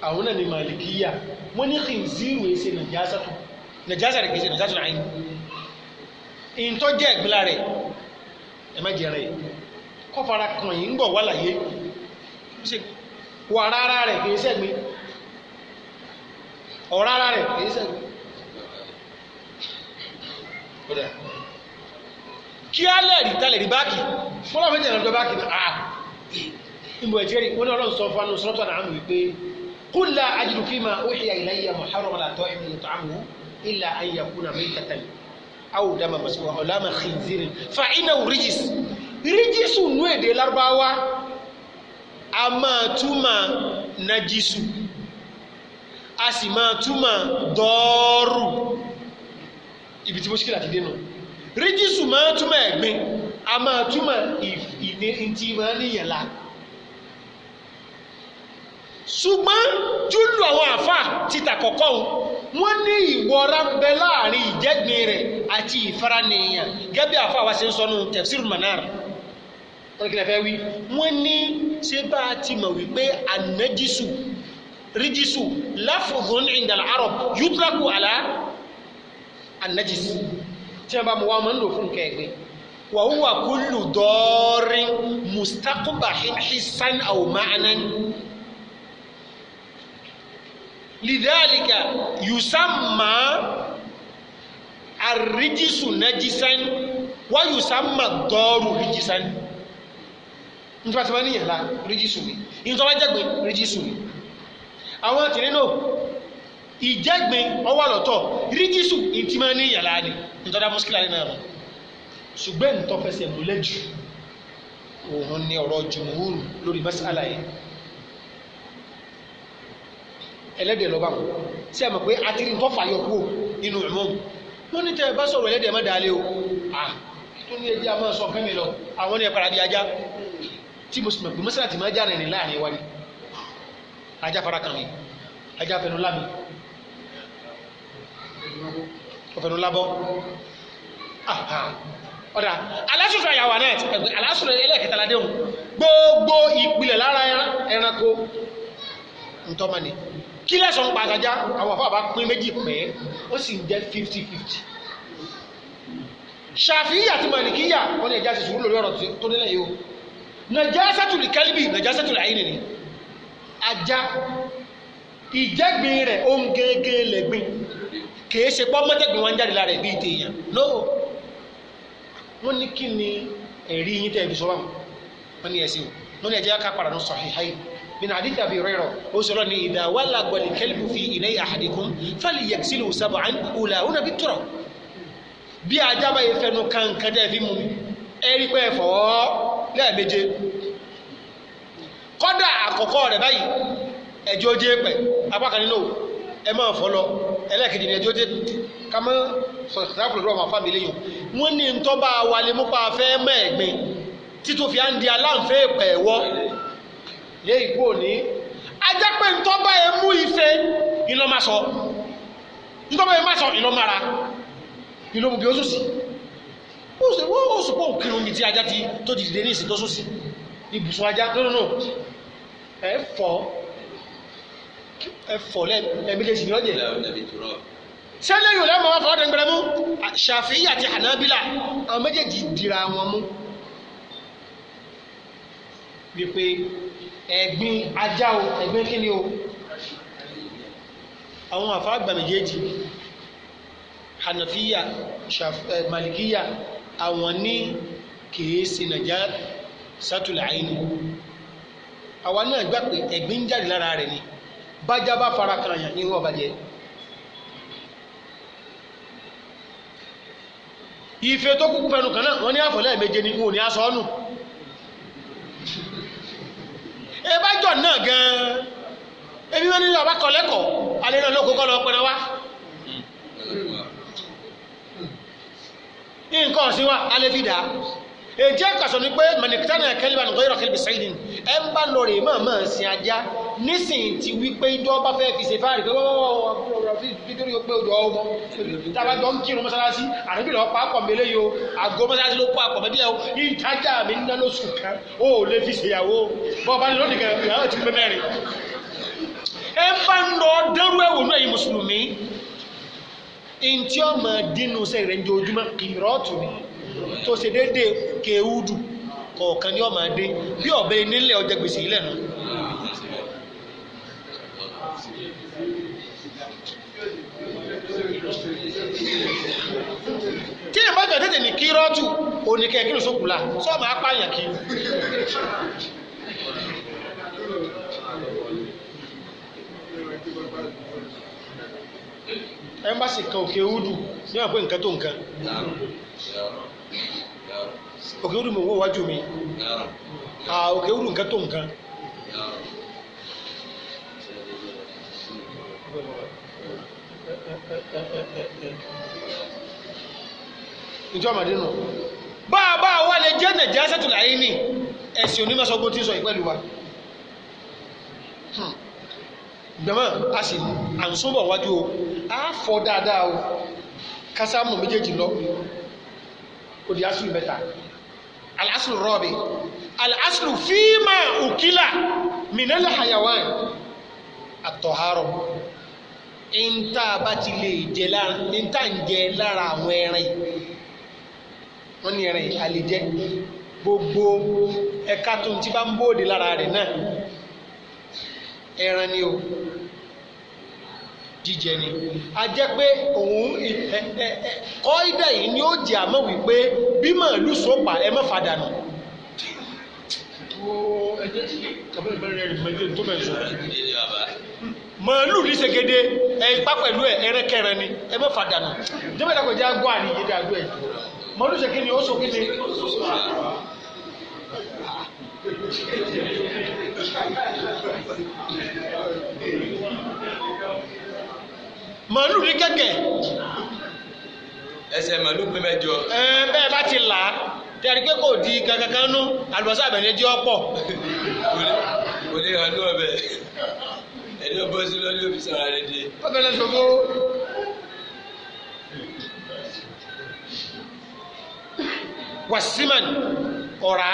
àwọn náà ni màlìkíyà wọ́n ní kí n zero ẹsẹ̀ nàjásà tó nàjásà rẹ̀ kì í ṣe nàjásà rẹ̀ àyìn ìntọ́jẹ́ ìgbìlá rẹ̀ ẹ má jẹrẹ yìí kọ́ fara kan yìí ń bọ̀ wá láyé wà rárá rẹ̀ kì í sẹ́gbin ọ̀ rárá rẹ̀ kì í sẹ́gbin. kí á lẹ̀rí talẹ̀ rí báàkì wọ́n lọ́wọ́ méjì lọ́jọ́ báàkì náà ah! ìmọ̀ ẹ̀jẹ̀ rí wọ́n ní ọlọ́run sọ fún anú sọ́tọ̀ náà mú wípé qul la ajidu fima uhiya ilayya muharraman ala ta'imin yut'amuhu illa an yakuna maytatan aw dama masiwa ọlama khinzirin fa inaw rijis rijisu nú èdè Lárúbáwá a máa túmọ̀ najisu a sì máa tuma dọ́ọ̀rù ibi tí mọ́ṣíkìlà ti dé nù rijisu máa túmọ̀ ẹ̀gbin a máa túmọ̀ ìní ntí máa níyàn la ṣùgbọ́n júlù àwọn àáfà ti tàkọ́kọ́ o wọ́n ní ìwọra ń bẹ láàrin ìjẹ́gbin rẹ̀ àti ìfaranìyàn gẹ́gẹ́ àáfà wa ṣe ń sọnù tafsir manar wọ́n kìlẹ̀ fẹ́ wí wọ́n ní ṣé bá a ti mọ̀ wípé anajisu rijisu láfùhùn indal arab yutlaku àlá anajisu tí wọ́n bá mu wá ń lò fún kẹ́ẹ̀gbin wa huwa kullu dọ́rin mustakubahin hisan aw lidhalika yusamma arijisu najisan wa yusamma dọ́ọ̀rù rijisan nítorí àti báyìí yàrá rijisu ni nítorí àjẹgbẹ rijisu ni àwọn àtìrí náà ìjẹgbẹ ọwọ́ àlọ́tọ̀ rijisu ìtì máa ní yàrá ni nítorí àmúṣkìlá ní náà ṣùgbọ́n ìtọ́fẹsẹ̀ múlẹ̀ òun ni ọ̀rọ̀ jùmùúrù lórí mas'ala ẹlẹ́dẹ̀ lọ́ba wọn sí àmọ̀ pé àti nǹkan fàyọ̀ kú inú ẹ̀mọ́ wọn ní tẹ́ ẹ bá sọ̀rọ̀ ẹlẹ́dẹ̀ má dalẹ̀ o ah tó ní ẹbí a máa sọ fún mi lọ àwọn ní ẹ fara bí ajá tí mo sì mọ̀ pé mọ́sálà ti máa já rìnrìn láàrin wa ni ajá fara kan mi ajá fẹnu lámi ọfẹnu lábọ ọ̀dà aláṣùfẹ́ àyàwó náà ẹgbẹ́ aláṣùfẹ́ ẹlẹ́kẹta ládéhùn gbogbo ìpìlẹ̀ lára ẹranko ntọ́mọ̀nì kí lẹ́sọ̀ ń pa àtàjà àwọn àfọwọ́ bá pín méjì pẹ́ ó sì ń jẹ́ fifty fifty ṣàfihàn àti màlìkíyà wọn ni ẹja ṣe sùúrù lórí ọ̀rọ̀ tó nílẹ̀ yìí o nàjásẹ́tù kálíbì nàjásẹ́tù àyìn nìyí ajá ìjẹ́gbin rẹ̀ ó ń gẹ́gẹ́ lẹ́gbin kìí ṣe pọ́ mọ́tẹ́gbin wọn jáde lára ẹ̀ bíi tèèyàn no wọn ní kí ni ẹ̀rí yín tẹ́ ẹ fi sọ wà wọn ni ẹ̀sìn wọn ni ẹ̀jẹ̀ ká padà ní sọ̀hìn háyìn. من حديث أبي هريرة وسرني إذا ولق الكلب في إناء أحدكم فليغسله سبعا أولاهن بالتراب bí ajá bá yẹ fẹnu kankan dẹ́ fi mú mi ẹ rí pé ẹ fọ̀ ọ́ lẹ́ẹ̀méje kọ́dà àkọ́kọ́ rẹ̀ báyìí ẹjọ́ jẹ́ pẹ̀ apá kan nínú ẹ máa fọ́ lọ ẹlẹ́ẹ̀kejì ni ẹjọ́ jẹ́ ká mọ́ sọ̀tàkùn lọ́wọ́ àwọn fámìlì yìí ní ntọ́ bá wálé mú pa afẹ́ mẹ́ẹ̀gbin títún fi á ń di aláǹfẹ́ pẹ̀ẹ́wọ́ yé ìgbó òní ajá pé ntọ́ba ẹ mú ife ìlọ́masọ ntọ́ba ẹ má sọ ìlọ́mara ìlọ́mùgẹ́ oṣù sí ó sì wọ́n ó sùpọ̀ òkìrùn mi tí ajá ti tó ti dìde ní ìsìn tó sósì ibùsùn ajá lọ́nà náà ẹ fọ ẹ fọ lẹ́ẹ̀mejì ní ọ̀jẹ̀ sẹ́lẹ̀ yóò lẹ́mọ̀ wá fọwọ́dẹ̀ ńgbẹ̀rẹ̀ mú Ṣàfi'í àti Hanabila àwọn méjèèjì dira wọn mú wípé ẹ̀gbin ajá o ẹ̀gbin kíni o àwọn àfáàgbà méjèèjì hanafiya eh, malikiya àwọn ní kìí ṣe nàjà sátúlẹ̀ àyínú àwa náà gbà pé ẹ̀gbin jáde lára rẹ̀ ni bájá bá fara kan yàn ní ìwọ bàjẹ́. ife tó kúkú pẹnu kan náà wọ́n ní àfọ̀lẹ́ méje ni wọn ò ní aṣọ ọ́nù ebájọ náà gan-an ebi wọn nílò ọba kọ lẹ́kọ̀ọ́ alẹ́ náà lóko kọ́ lọ pẹ̀lẹ́ wa nǹkan ọ̀sìn wa alẹ́ fi dà á èjì àkàsọ̀ ni pé mẹ̀nìkítà náà kẹ́lí nìkan yọ̀rọ̀ kẹ́lí sẹ́yìn ẹ̀ ń bá lọ rè é máa ajá nísìnyí ti wí pé ìjọ bá fẹ́ fi ṣe fáàrí pé wọ́wọ́wọ́ nítorí pé òjò ọmọ tàbájọ ń kírun mọ́sálásí àdúgbò lọ́wọ́ pàápọ̀ mẹ́lẹ́ yìí o àgọ́ mọ́sálásí ló kó àpọ̀ mẹ́lẹ́ yìí o ìtajà mi ń ná lóṣù kan ó lè fi ṣèyàwó bọ́ọ̀ bá ní lónìí kan ìyàwó ti pẹ́ mẹ́rin ẹ bá ń lọ dẹ́rú ẹ̀wò náà yìí mùsùlùmí ntí ọmọ dínú sẹ́yìn rẹ̀ ń dojúmọ́ kìrọ́ọ̀tù ni tó ṣe déédéé kéwúdù kọ̀ọ̀kan ní ọmọ adé bí ọ̀bẹ nílẹ̀ ọjà gbèsè ilẹ̀ náà tí èèyàn bá bẹ̀rẹ̀ tètè ní kí rọ́ọ̀tù oníkẹ́ kí ló sókùlà sọ́ọ̀mù apáyàn kí. ẹmbásì kan òkè údù ní àpò nǹkan tó nǹkan òkè údù mi wó wájú mi òkè údù nǹkan tó nǹkan. Thank you ìjọ ọmọdé nù bá a bá a wá lè jẹ́ nàìjíríà sẹ́tù láyé ní ẹ̀sìn onímọ̀sọ́gbọ́n tí ń sọ ìpẹ́lú wa gbẹ̀mọ́ hmm. a sì à ń súnbọ̀ wájú o a fọ dáadáa o kásámù méjèèjì lọ òdì asùlù mẹ́ta alásùlù rọ́ọ̀bì alásùlù fíìmà òkìlà mìnẹ́lẹ̀ hayawan àtọ̀hárọ̀ ń tá a bá ti lè jẹ lára ń ń jẹ lára àwọn ẹran yìí. wọ́n ní àlejẹ́ gbogbo ẹ̀ka tó ti bá ń bóde lára rẹ̀ náà ẹran ni o jíjẹ ni a jẹ́ pé òun kọ́ ibẹ̀ yìí ni ó jẹ́ àmọ́ wípé bí màálù sọ́pà ẹ má fàdà nù. màálù ní segede ẹ̀ ipá pẹ̀lú ẹ̀ ẹ̀rẹ́kẹ̀rẹ́ ni ẹ má dàgbọ́ ẹ̀ jù. mọ̀lú ṣe kí ni ó sọ kí ni. mọ̀lú ní kẹ̀kẹ́. ẹsẹ̀ mọ̀lú pé mẹ́jọ. ẹ bẹ́ẹ̀ bá ti là á tẹ̀rí pé kò di kankan nú àlùbọ́sà àbẹ̀lẹ̀ jẹ́ ọ̀pọ̀. kò ní ìhànú ọbẹ̀ ẹni ọbọ̀ sí lọ́lẹ́ òfìsà rẹ̀ dé. ọbẹ̀ lẹ́sọ̀gbọ́. wàsímàn ọ̀rá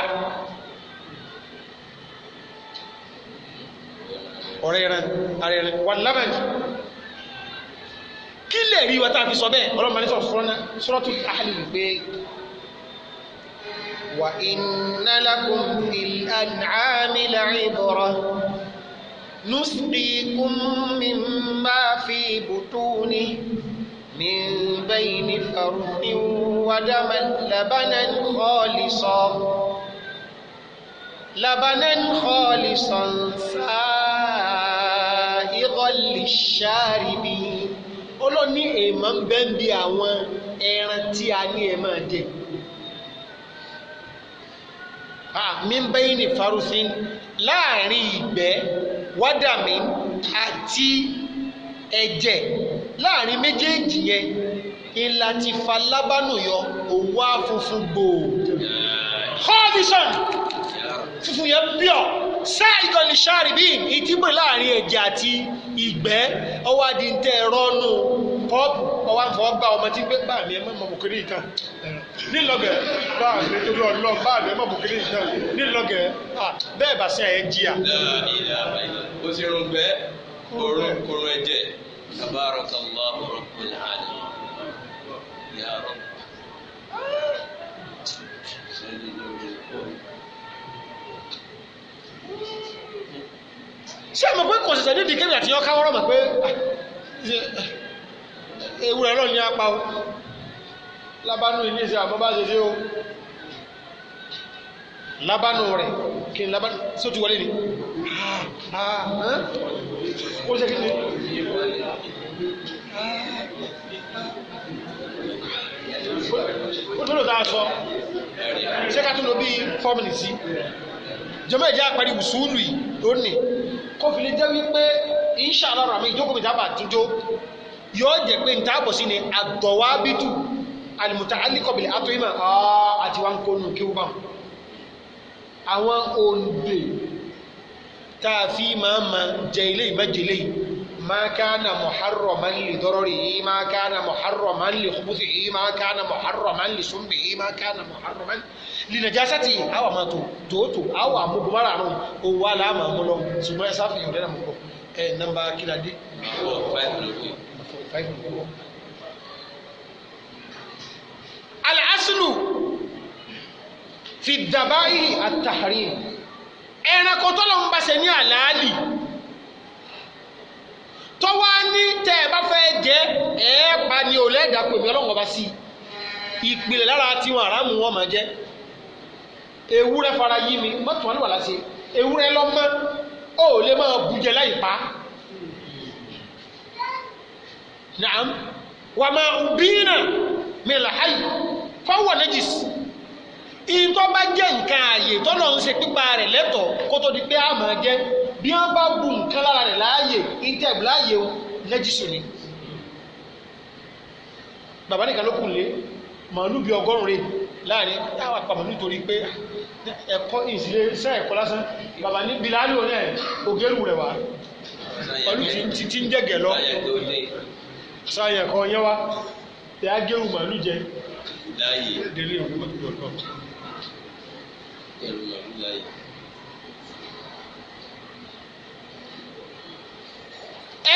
ọ̀rẹ́ ẹran ara ẹran wà lábẹ́ kí lè rí wa tá a fi sọ bẹ́ẹ̀ ọlọ́mọ ní sọ̀rọ̀ fúnra sọ́rọ́tù àhálì wípé wà inna lakum fil an'ami fi butunihi. من بين فرث ودما لبنا خالصا لبنا خالصا سائغا للشاربين olóní èèmọ̀ ń bẹ́ ń bi àwọn ẹran tí a ní ẹ máa jẹ. mi ń bẹ́yìn ní farusin láàrin ìgbẹ́ wádàmí àti ẹ̀jẹ̀. E láàrin méjèèjì yẹn ìlà ti fa lábánù yọ òwú á funfun gbòò kọ́ọ̀dìsàn funfun yẹn bíọ̀ ṣé ìkànnì sáàrì bíi ìdìbò láàrin ẹ̀jẹ̀ àti ìgbẹ́ ọwọ́ adi ń tẹ ẹ̀rọ nù pọ́ọ̀pù ọwọ́ àfọwọ́ gba ọmọ tí ń gbé bá mi ẹ mọ̀ bòkiri nǹkan nílọ̀gẹ̀ bá mi torí ọlọ́ bá mi ẹ mọ̀ bòkiri nǹkan nílọ̀gẹ̀ ah, bẹ́ẹ̀ bá sẹ́yìn ẹ̀ jìyà. ó ti rún bẹ́ẹ̀ kòrò ẹ̀jẹ̀. تبارك الله رب العالمين يا رب ṣé àmọ́ pé kò ṣẹ̀ṣẹ̀ nídìí kéde àti ọkà wọ́rọ̀ mọ̀ pé ewúrẹ́ náà ní apá o lábánú ilé iṣẹ́ àbọ̀bá ṣe ṣe o labanu rẹ̀ kí n labanu sóti wọlé ni ah, ah, ó ṣe kí ni ó tó lò tá a sọ ṣé ká tún lọ bí fọ́ọ̀mù nìsí jọmọ ìjà àpárí wùsùlù yìí lónìí kó fi lè jẹ́ wípé inṣàlá rà mí ìjókòó ba dábàá àtúndó yóò jẹ́ pé ntaabọ̀ sí ni àdọ̀wábìtù alimuta alikọ̀bìlì àtọ́yìmọ̀ àti wa ń kó nù kí wọ́n bá wọn àwọn òǹdè tá a fi máa ma jẹ ilé ìmẹ́jẹlé máa kana muharraman li dararihi máa kana muharraman li khubuthi máa kana muharraman li sunbihi máa kana muharraman li najasati àwọn àmà tó tòótò àwọn àmúgbòmára àrùn òwò àlàmà múlọ ṣùgbọ́n ẹ sáfìyàn ọ̀dẹ́nà mú bọ̀ ẹ nọmba kíládé. al fi dàbáyì àtàrí ẹranko tọ́lọ̀ ń bàṣẹ ní àlàálì tọ́wá ní tẹ́ ẹ bá fẹ́ jẹ́ ẹ pa ni ò lẹ́ẹ̀dàpọ̀ èmi ọlọ́run ọba sí ìpìlẹ̀ lára tiwọn àràmù wọn máa jẹ́ ewúrẹ́ fara yí mi mọ́tò wọn ni wà láti ewúrẹ́ lọ́mọ́ ó lè máa bùjẹ láì pa naam wàmà ubínà mi là háyì fọwọ́ nẹ́jìsì ìtọ́ bá jẹ́ nǹkan ààyè tọ́lọ̀ ń ṣe pípa rẹ̀ lẹ́tọ̀ọ́ kó tó di pé a máa jẹ́ bí wọ́n bá bu nǹkan lára rẹ̀ láàyè intep láàyè o lẹ́jísù ni. bàbá nìkan ló kù lé màálù bíi ọgọ́rùn-ún rè láàrin táwọn àpamọ́ nítorí pé ẹ̀kọ́ ìṣeré iṣẹ́ ẹ̀kọ́ lásán bàbá ní bilali ọ̀nà ẹ̀ ògẹ́rù rẹ̀ wá pẹ̀lú ti ti ń jẹ̀gẹ̀ lọ sáyẹ̀kọ́ yẹn wá tẹ̀ á gẹ́rù màálù jẹ. délé òkú mọ́tò tó lọ ẹrù màlúù láàyè.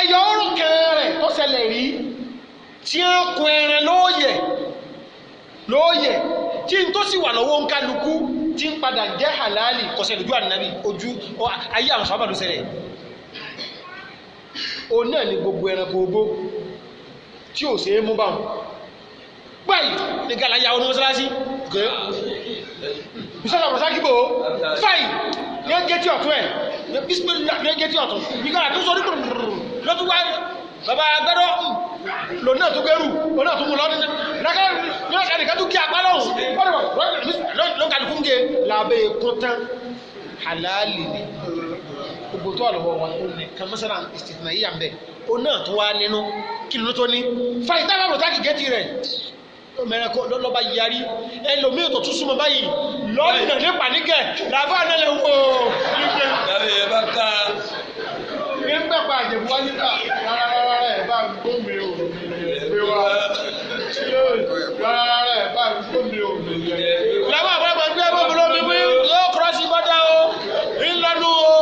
ẹ̀yọ̀ ọ̀rùn kẹrin rẹ̀ ó ṣẹlẹ̀ rí tí ó kun ẹran lóòyẹ̀ lóòyẹ̀ tí n tó sì wà lọ́wọ́ ń kálukú tí ń padà jẹ́ halali kọ̀sẹ̀ lójú ànábì ojú ayé àwọn sábà ló ṣẹlẹ̀ o náà ni gbogbo ẹran gbogbo tí ò ṣe é mú báwọn báyìí ní gàlàyà onímọ̀sálásí gẹ̀ẹ́ bisọ́lá bọ̀sákìbò fáì ní ó jẹ́ tí ọ̀tún ẹ̀ ní ó jẹ́ tí ọ̀tún ìgbà àti sọ́rí kùrùkùrù lọ́tún wá bàbá agbẹ́rọ́ lòun náà tún gbẹ́rù òun náà tún mú lọ́dún lákàrà ní ọ̀sán nìkan tún kí apá lọ́hùn lọ́kàlùkù ń gé làbẹ́ èkó tán halali ni gbogbo tó wà lọ́wọ́ wa ó ní kan mọ́sálà ìsìnkú náà yíyà o bẹ̀ òun náà tún wá nínú kí ló tó ní fàyítà bàbá mẹ́rẹ̀kọ́ lọ́lọ́ba yarí ẹlòmíì tó tún súnmọ́ báyìí lọ́ọ̀nà ní pàníkẹ̀ làbá náà lè wò ó. yàrá yẹn bá ká. ní pẹ̀pẹ́ àjẹ̀bú wájú ká rárá rárá ẹ̀ bá gbómi ò gbé wá rárá rárá ẹ̀ bá gbómi ò gbé yẹ. làwọn àgbàgbà gbé bóbi lómi wí yóò kúrọ́sì bọ́dá o ńlọ́nu o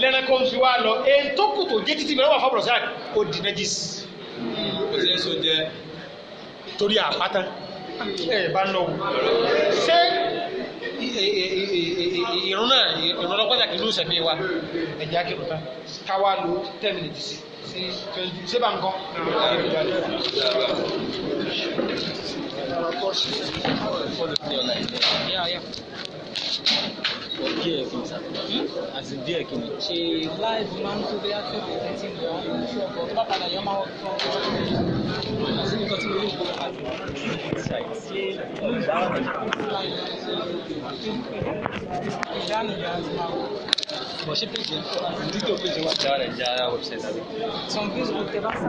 lẹ́rẹ̀kọ́ fi wá lọ èyí tó jẹ́ títí mẹ́rẹ́wà fábùrọ̀ sáà torí àpáta ẹ bá ń lọ wò ṣé ìrún náà ìrún lọ pàtàkì ló sẹ̀mí wa ẹ̀jẹ̀ akérò tán káwá lo ten minutes sí twenty ṣé bá ń kọ́. Yeah, yeah díẹ̀ kì í àti díẹ̀ kì í. ṣe live máa ń tó bí afẹ́ fífi tí mo wà nínú ṣọ́ọ̀bù tó bá padà yọ máa wọ fún ọkọ̀ tó ń bọ̀ àti nǹkan tí mo lè gbọ́ àti ṣe ìdáhùn ìdáhùn ìdáhùn máa wọ. Bon, je page, plutôt page web. Voilà, j'ai la website avec. Son Facebook, t'es pas ça.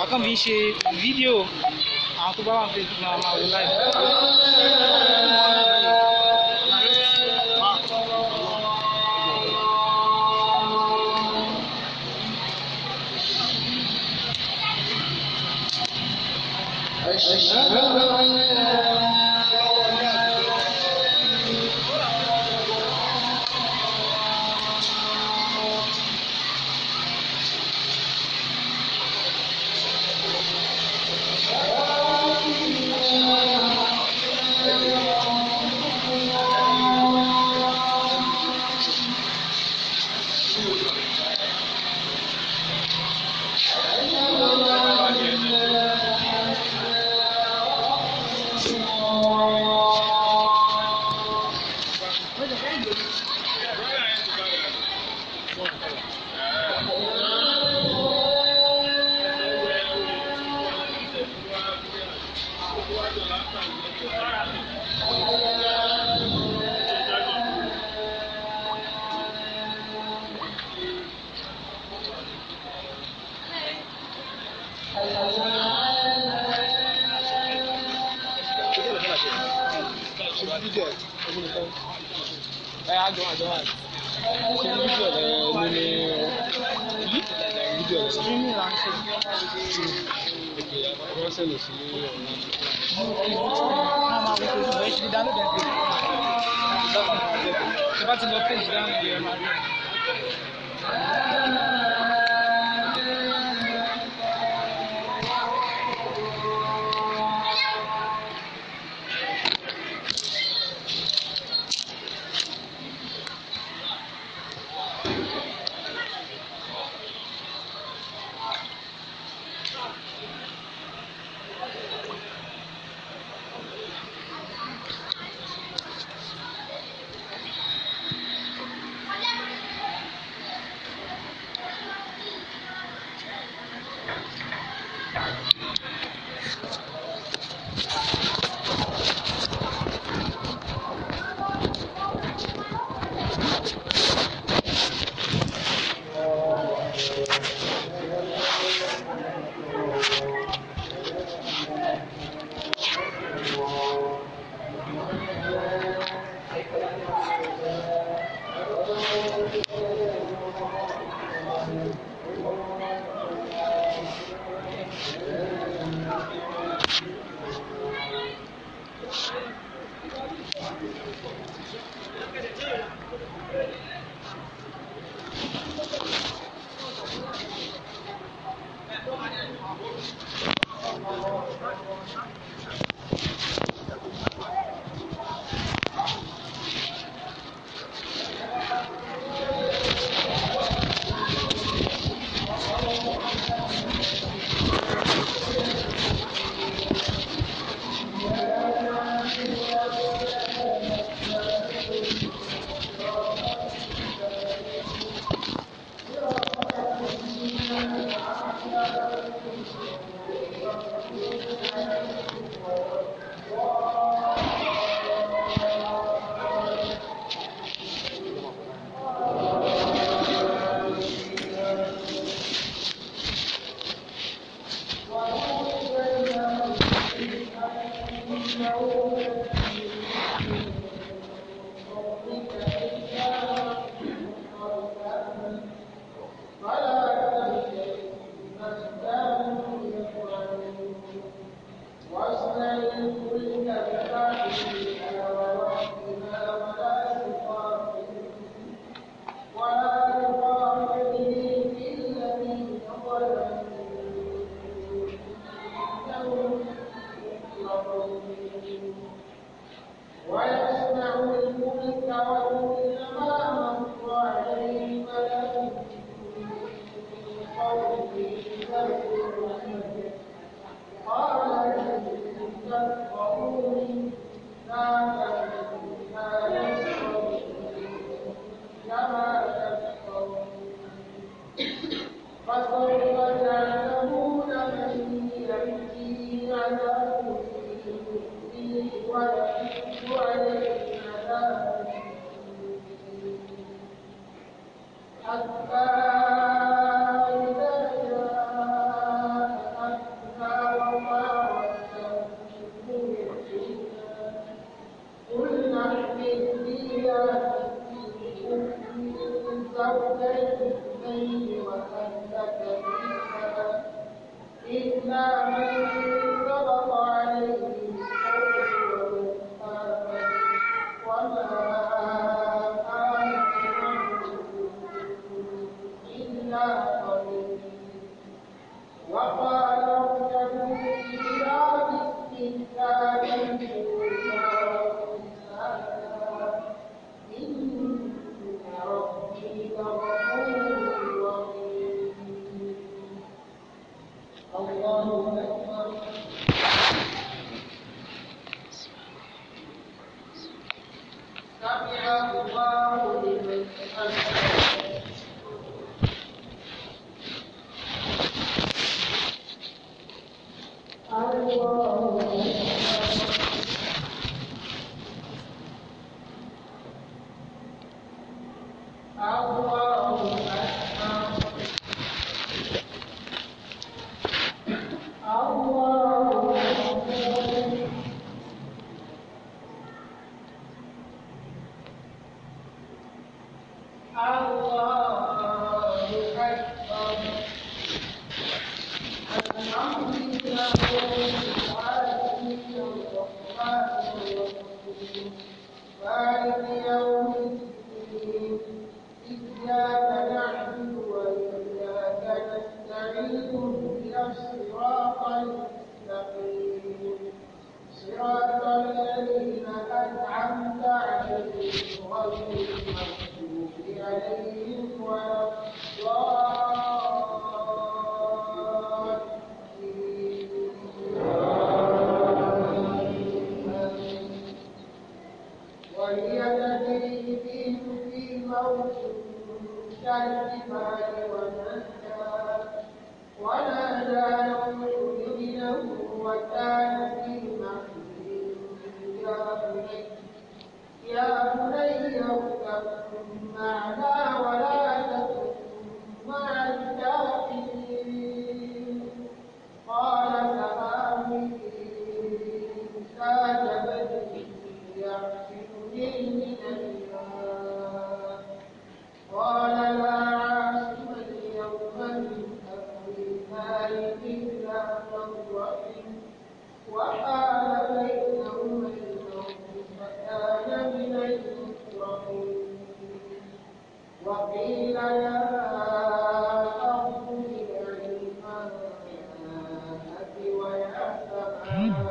Makam isi video aku bawa Facebook nama live. Aisyah. Bakın ben diyorum.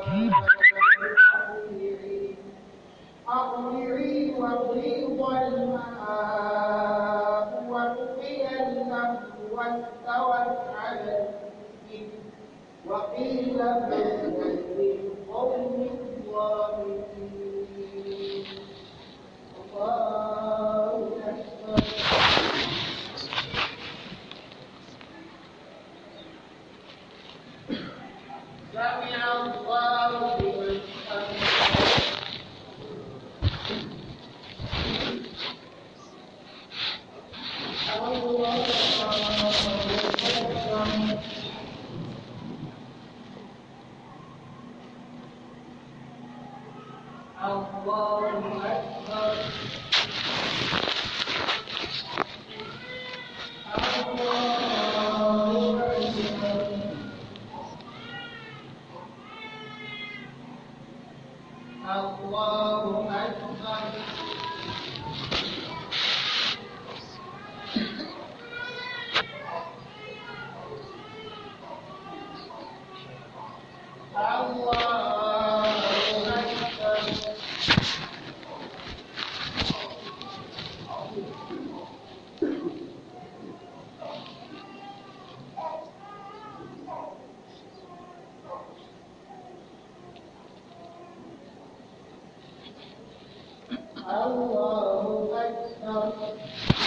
Mm-hmm. nove